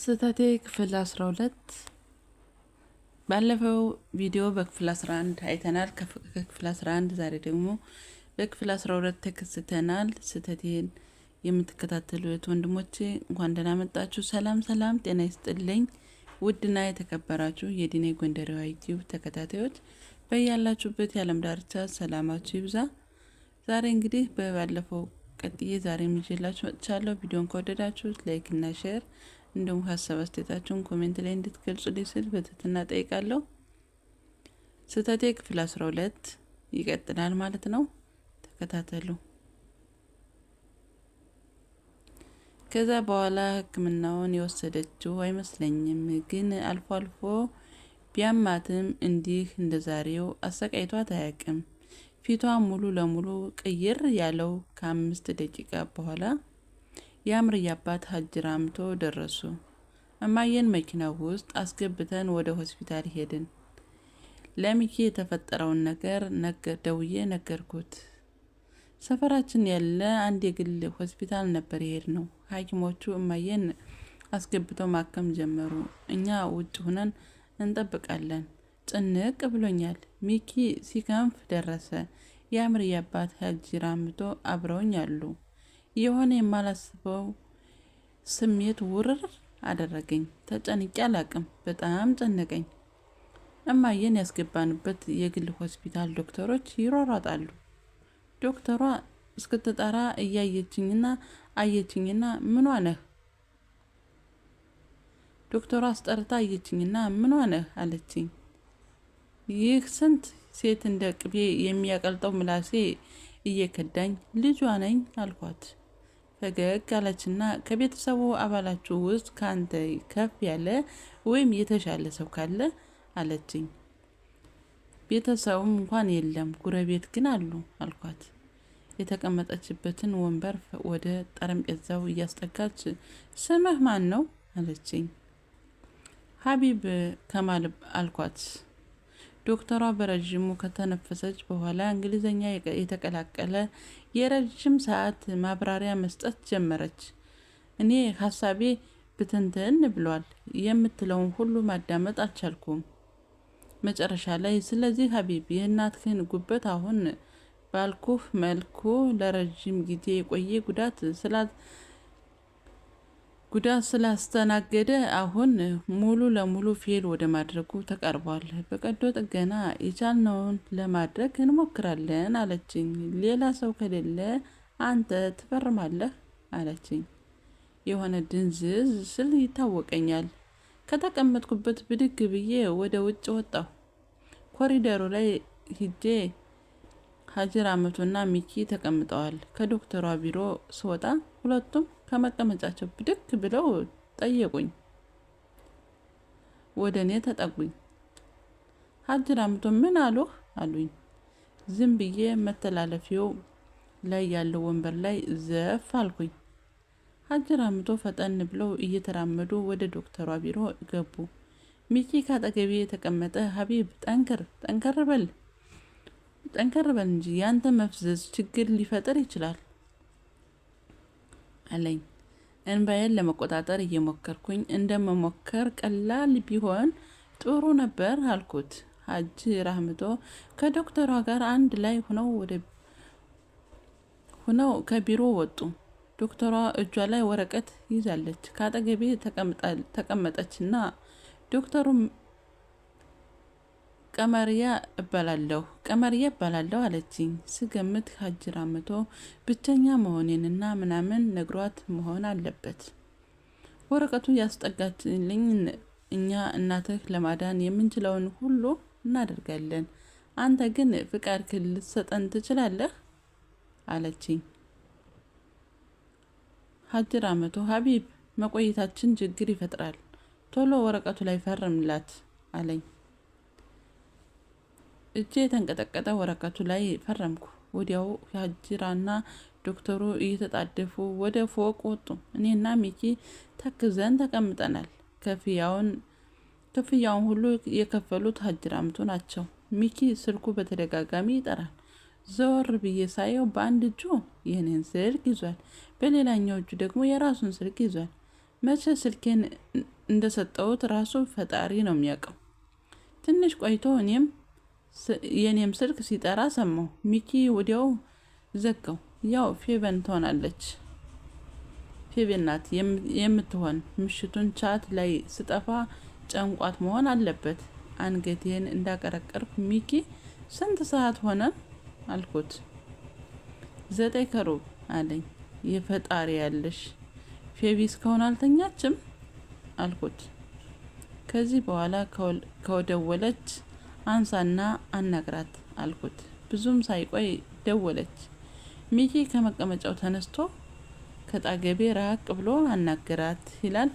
ስህተቴ ክፍል 12 ባለፈው ቪዲዮ በክፍል 11 አይተናል። ከክፍል 11 ዛሬ ደግሞ በክፍል 12 ተከስተናል። ስህተቴን የምትከታተሉት ወንድሞቼ እንኳን ደህና መጣችሁ። ሰላም ሰላም፣ ጤና ይስጥልኝ ውድና የተከበራችሁ የዲኔ ጎንደሬዋ ዩቲዩብ ተከታታዮች በያላችሁበት የዓለም ዳርቻ ሰላማችሁ ይብዛ። ዛሬ እንግዲህ በባለፈው ቀጥዬ ዛሬ የሚችላችሁ መጥቻለሁ። ቪዲዮን ከወደዳችሁት ላይክ እና ሼር እንዲሁም ሀሳብ አስተያየታችሁን ኮሜንት ላይ እንድትገልጹልኝ ስል በትህትና ጠይቃለሁ። ስህተቴ ክፍል አስራ ሁለት ይቀጥላል ማለት ነው። ተከታተሉ። ከዛ በኋላ ሕክምናውን የወሰደችው አይመስለኝም፣ ግን አልፎ አልፎ ቢያማትም እንዲህ እንደ ዛሬው አሰቃይቷት አያውቅም። ፊቷ ሙሉ ለሙሉ ቅይር ያለው ከአምስት ደቂቃ በኋላ የአምር አባት ሀጅ ራምቶ ደረሱ። እማየን መኪና ውስጥ አስገብተን ወደ ሆስፒታል ሄድን። ለሚኪ የተፈጠረውን ነገር ደውዬ ነገርኩት። ሰፈራችን ያለ አንድ የግል ሆስፒታል ነበር የሄድ ነው። ሐኪሞቹ እማየን አስገብተው ማከም ጀመሩ። እኛ ውጭ ሁነን እንጠብቃለን። ጭንቅ ብሎኛል። ሚኪ ሲከንፍ ደረሰ። የአምርያ አባት ሀጅ ራምቶ አብረውኝ አሉ። የሆነ የማላስበው ስሜት ውርር አደረገኝ። ተጨንቄ አላቅም። በጣም ጨነቀኝ። እማየን ያስገባንበት የግል ሆስፒታል ዶክተሮች ይሯሯጣሉ። ዶክተሯ እስክትጠራ እያየችኝና አየችኝና ምኗ ነህ? ዶክተሯ አስጠርታ አየችኝና ምኗ ነህ አለችኝ። ይህ ስንት ሴት እንደ ቅቤ የሚያቀልጠው ምላሴ እየከዳኝ ልጇ ነኝ አልኳት። ፈገግ አለችና ከቤተሰቡ አባላችሁ ውስጥ ከአንተ ከፍ ያለ ወይም የተሻለ ሰው ካለ አለችኝ። ቤተሰቡም እንኳን የለም፣ ጉረቤት ግን አሉ አልኳት። የተቀመጠችበትን ወንበር ወደ ጠረጴዛው እያስጠጋች ስምህ ማን ነው አለችኝ። ሀቢብ ከማል አልኳት። ዶክተሯ በረዥሙ ከተነፈሰች በኋላ እንግሊዝኛ የተቀላቀለ የረዥም ሰዓት ማብራሪያ መስጠት ጀመረች። እኔ ሀሳቤ ብትንትን ብሏል። የምትለውን ሁሉ ማዳመጥ አልቻልኩም። መጨረሻ ላይ ስለዚህ ሀቢብ የእናትህን ጉበት አሁን ባልኩህ መልኩ ለረዥም ጊዜ የቆየ ጉዳት ስላት ጉዳት ስላስተናገደ አሁን ሙሉ ለሙሉ ፌል ወደ ማድረጉ ተቀርቧል። በቀዶ ጥገና የቻልነውን ለማድረግ እንሞክራለን አለችኝ። ሌላ ሰው ከሌለ አንተ ትፈርማለህ አለችኝ። የሆነ ድንዝዝ ስል ይታወቀኛል። ከተቀመጥኩበት ብድግ ብዬ ወደ ውጭ ወጣሁ። ኮሪደሩ ላይ ሂጄ ሀጅር አመቱና ሚኪ ተቀምጠዋል። ከዶክተሯ ቢሮ ስወጣ ሁለቱም ከመቀመጫቸው ብድክ ብለው ጠየቁኝ፣ ወደ እኔ ተጠጉኝ። ሀጅ ራምቶ ምን አሉህ አሉኝ። ዝም ብዬ መተላለፊያው ላይ ያለው ወንበር ላይ ዘፍ አልኩኝ። ሀጅ ራምቶ ፈጠን ብለው እየተራመዱ ወደ ዶክተሯ ቢሮ ገቡ። ሚኪ ከአጠገቢ የተቀመጠ ሀቢብ፣ ጠንክር ጠንከር በል ጠንከር በል እንጂ ያንተ መፍዘዝ ችግር ሊፈጥር ይችላል አለኝ። እንባዬን ለመቆጣጠር እየሞከርኩኝ እንደመሞከር ቀላል ቢሆን ጥሩ ነበር አልኩት። ሀጂ ራህምቶ ከዶክተሯ ጋር አንድ ላይ ሆነው ወደ ሆነው ከቢሮ ወጡ። ዶክተሯ እጇ ላይ ወረቀት ይዛለች። ከአጠገቤ ተቀመጠችና ዶክተሩ ቀመርያ እባላለሁ ቀመርያ እባላለሁ አለችኝ። ስገምት ሀጅራ አመቶ ብቸኛ መሆኔንና ምናምን ነግሯት መሆን አለበት። ወረቀቱ ያስጠጋችልኝ እኛ እናትህ ለማዳን የምንችለውን ሁሉ እናደርጋለን፣ አንተ ግን ፍቃድ ልትሰጠን ትችላለህ አለችኝ። ሀጅር አመቶ ሀቢብ መቆየታችን ችግር ይፈጥራል፣ ቶሎ ወረቀቱ ላይ ፈርምላት አለኝ። እጄ የተንቀጠቀጠ ወረቀቱ ላይ ፈረምኩ። ወዲያው ሀጅራና ዶክተሩ እየተጣደፉ ወደ ፎቅ ወጡ። እኔና ሚኪ ተክዘን ተቀምጠናል። ክፍያውን ክፍያውን ሁሉ የከፈሉት ሀጅራምቱ ናቸው። ሚኪ ስልኩ በተደጋጋሚ ይጠራል። ዘወር ብዬ ሳየው በአንድ እጁ ይህንን ስልክ ይዟል፣ በሌላኛው እጁ ደግሞ የራሱን ስልክ ይዟል። መቼ ስልኬን እንደሰጠሁት ራሱ ፈጣሪ ነው የሚያውቀው። ትንሽ ቆይቶ እኔም የኔም ስልክ ሲጠራ ሰማሁ። ሚኪ ወዲያው ዘጋው። ያው ፌቨን ትሆናለች። ፌቨን ናት የምትሆን። ምሽቱን ቻት ላይ ስጠፋ ጨንቋት መሆን አለበት። አንገቴን እንዳቀረቀርኩ ሚኪ ስንት ሰዓት ሆነ አልኩት። ዘጠኝ ከሩብ አለኝ። የፈጣሪ ያለሽ ፌቪ እስካሁን አልተኛችም አልኩት። ከዚህ በኋላ ከወደወለች አንሳና አናግራት አልኩት። ብዙም ሳይቆይ ደወለች። ሚኪ ከመቀመጫው ተነስቶ ከጣገቤ ራቅ ብሎ አናግራት ይላል።